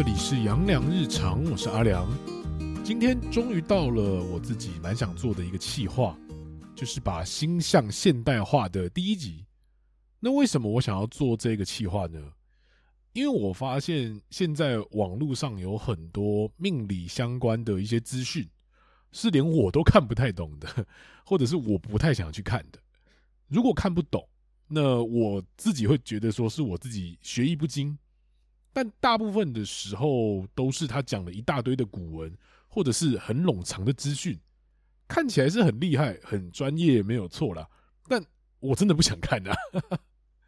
這裡是楊良日常，我是阿良。今天終於到了我自己蠻想做的一個企劃，就是把星象現代化的第一集。那為什麼我想要做這個企劃呢？因為我發現現在網絡上有很多命理相關的一些資訊，是連我都看不太懂的，或者是我不太想去看的。如果看不懂，那我自己會覺得說是我自己學藝不精。但大部分的時候都是他講了一大堆的古文，或者是很冗長的資訊，看起來是很厲害、很專業，沒有錯啦。但我真的不想看啊。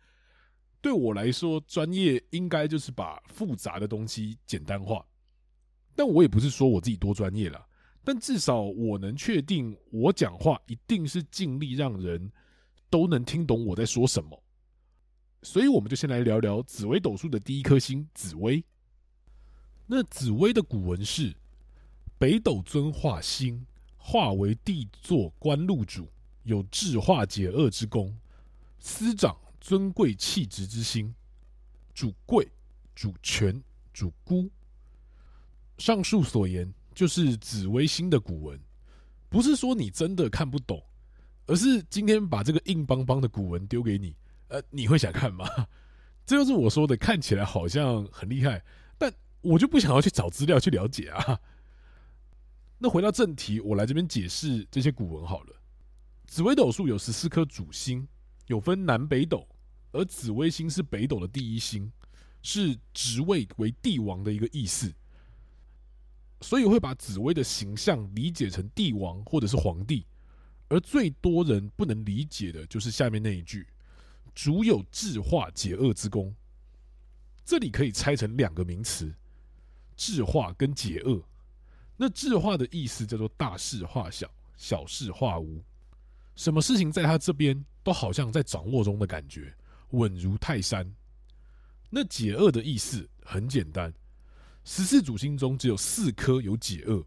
對我來說，專業應該就是把複雜的東西簡單化。但我也不是說我自己多專業啦，但至少我能確定，我講話一定是盡力讓人都能聽懂我在說什麼。所以，我們就先來聊聊紫微斗數的第一顆星——紫微。那紫微的古文是：“北斗尊化星，化為帝座官祿主，有智化解厄之功，司掌尊貴氣質之星，主貴，主權，主孤。”上述所言就是紫微星的古文，不是說你真的看不懂，而是今天把這個硬邦邦的古文丟給你。呃，你會想看嗎？這就是我說的，看起來好像很厲害，但我就不想要去找資料去了解啊。那回到正題，我來這邊解釋這些古文好了。紫微斗數有十四顆主星，有分南北斗，而紫微星是北斗的第一星，是職位為帝王的一個意思，所以會把紫微的形象理解成帝王或者是皇帝。而最多人不能理解的就是下面那一句，主有制化解厄之功，這裡可以拆成兩個名詞：制化跟解厄。那制化的意思叫做大事化小、小事化無，什麼事情在他這邊都好像在掌握中的感覺，穩如泰山。那解厄的意思很簡單，十四主星中只有四顆有解厄，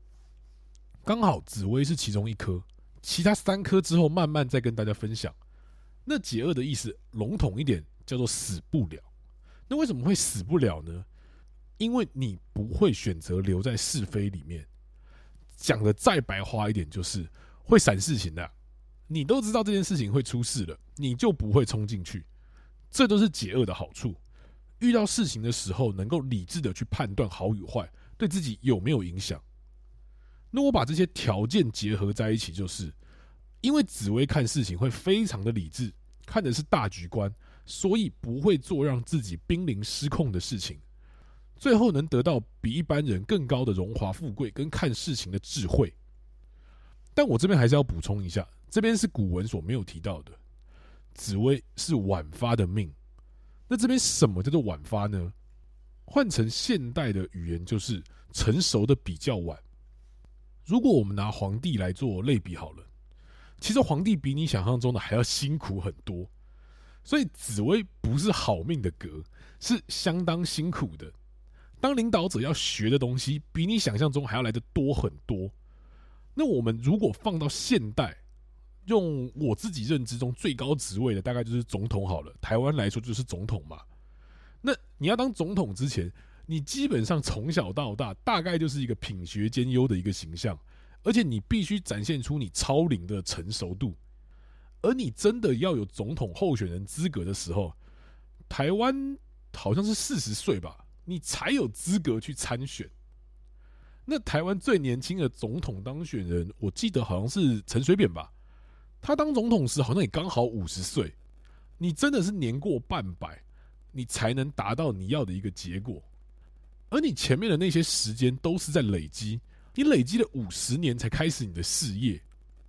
剛好紫微是其中一顆，其他三顆之後慢慢再跟大家分享。那解厄的意思，籠統一點叫做死不了。那為什麼會死不了呢？因為你不會選擇留在是非裡面。講的再白話一點，就是會閃事情的、啊，你都知道這件事情會出事了，你就不會衝進去。這都是解厄的好處。遇到事情的時候，能夠理智的去判斷好與壞，對自己有沒有影響。那我把這些條件結合在一起，就是。因為紫微看事情會非常的理智，看的是大局觀，所以不會做讓自己瀕臨失控的事情，最後能得到比一般人更高的榮華富貴跟看事情的智慧。但我這邊還是要補充一下，這邊是古文所沒有提到的，紫微是晚發的命。那這邊什麼叫做晚發呢？換成現代的語言就是成熟的比較晚。如果我們拿皇帝來做類比好了。其實皇帝比你想象中的還要辛苦很多，所以紫微不是好命的格，是相當辛苦的。當領導者要學的東西，比你想象中還要來得多很多。那我們如果放到現代，用我自己認知中最高職位的，大概就是總統好了。臺灣來說就是總統嘛。那你要當總統之前，你基本上從小到大，大概就是一個品學兼優的一個形象。而且你必須展現出你超齡的成熟度，而你真的要有總統候選人資格的時候，台灣好像是四十歲吧，你才有資格去參選。那台灣最年輕的總統當選人，我記得好像是陳水扁吧，他當總統時好像也剛好五十歲。你真的是年過半百，你才能達到你要的一個結果，而你前面的那些時間都是在累積。你累積了五十年才開始你的事業，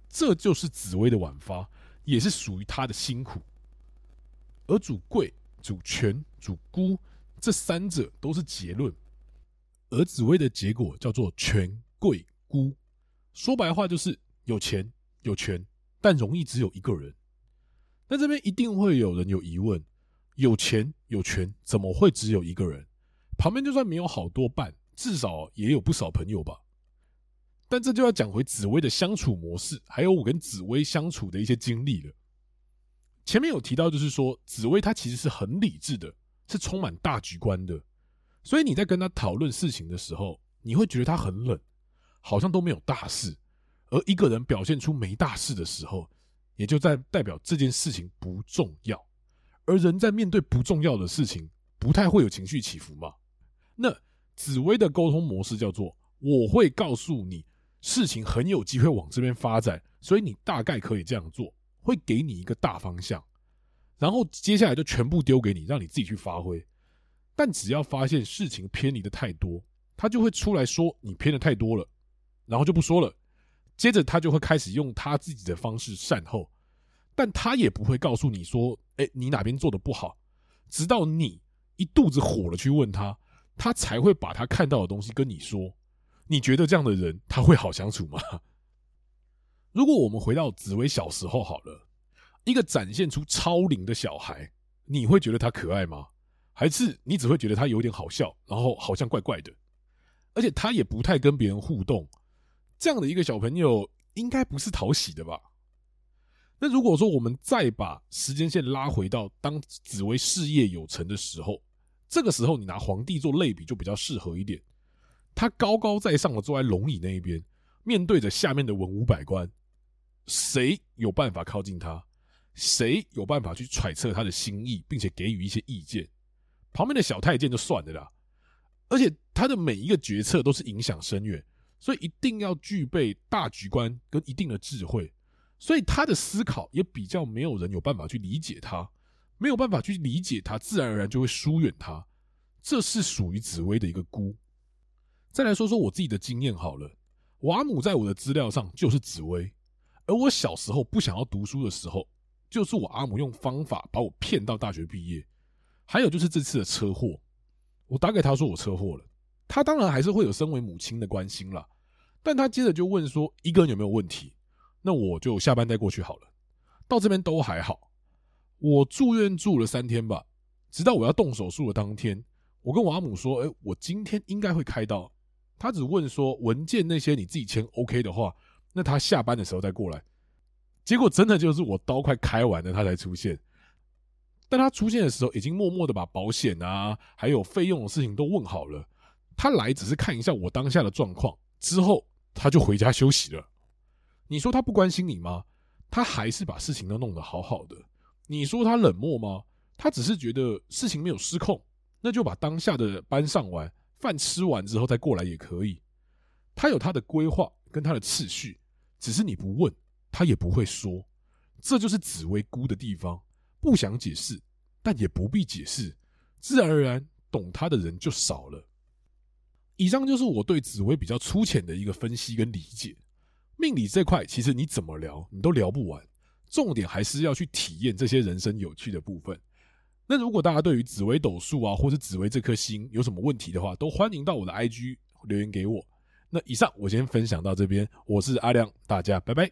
這就是紫微的晚發，也是屬於他的辛苦。而主貴、主權、主孤這三者都是結論，而紫微的結果叫做權貴孤，說白話就是有錢有權，但容易只有一個人。那這邊一定會有人有疑問：有錢有權怎麼會只有一個人？旁邊就算沒有好多伴，至少也有不少朋友吧？但這就要講回紫微的相處模式，還有我跟紫微相處的一些經歷了。前面有提到，就是說紫微她其實是很理智的，是充滿大局觀的。所以你在跟她討論事情的時候，你會覺得她很冷，好像都沒有大事。而一個人表現出沒大事的時候，也就在代表這件事情不重要。而人在面對不重要的事情，不太會有情緒起伏嘛。那紫微的溝通模式叫做：我會告訴你。事情很有機會往這邊發展，所以你大概可以這樣做，會給你一個大方向，然後接下來就全部丟給你，讓你自己去發揮。但只要發現事情偏離的太多，他就會出來說你偏的太多了，然後就不說了。接着他就會開始用他自己的方式善後，但他也不會告訴你說，哎、欸，你哪邊做的不好，直到你一肚子火了去問他，他才會把他看到的東西跟你說。你覺得這樣的人他會好相處嗎？如果我們回到紫微小時候好了，一個展現出超齡的小孩，你會覺得他可愛嗎？還是你只會覺得他有點好笑，然後好像怪怪的，而且他也不太跟別人互動，這樣的一個小朋友應該不是討喜的吧？那如果說我們再把時間線拉回到當紫微事業有成的時候，這個時候你拿皇帝做類比就比較適合一點。他高高在上的坐在龍椅那一邊，面對着下面的文武百官，誰有辦法靠近他？誰有辦法去揣測他的心意，並且給予一些意見？旁邊的小太監就算了啦。而且他的每一個決策都是影響深遠，所以一定要具備大局觀跟一定的智慧。所以他的思考也比較沒有人有辦法去理解他，沒有辦法去理解他，自然而然就會疏遠他。這是屬於紫微的一個孤。再來說說我自己的經驗好了，我阿母在我的資料上就是紫微，而我小時候不想要讀書的時候，就是我阿母用方法把我騙到大學畢業。還有就是這次的車禍，我打給他說我車禍了，他當然還是會有身為母親的關心啦，但他接着就問說一個人有沒有問題？那我就下班再過去好了。到這邊都還好，我住院住了三天吧，直到我要動手術的當天，我跟我阿母說，哎，我今天應該會開刀。他只問說文件那些你自己簽 OK 的話，那他下班的時候再過來。結果真的就是我刀快開完了，他才出現。但他出現的時候，已經默默的把保險啊，還有費用的事情都問好了。他來只是看一下我當下的狀況，之後他就回家休息了。你說他不關心你嗎？他還是把事情都弄得好好的。你說他冷漠嗎？他只是覺得事情沒有失控，那就把當下的班上完。飯吃完之後再過來也可以，他有他的規劃跟他的次序，只是你不問，他也不會說。這就是紫微孤的地方，不想解釋，但也不必解釋，自然而然懂他的人就少了。以上就是我對紫微比較粗淺的一個分析跟理解，命理這塊其實你怎麼聊你都聊不完，重點還是要去體驗這些人生有趣的部分。那如果大家對於紫微斗數啊，或是紫微這顆星有什麼問題的話，都歡迎到我的 IG 留言給我。那以上我先分享到這邊，我是阿亮，大家拜拜。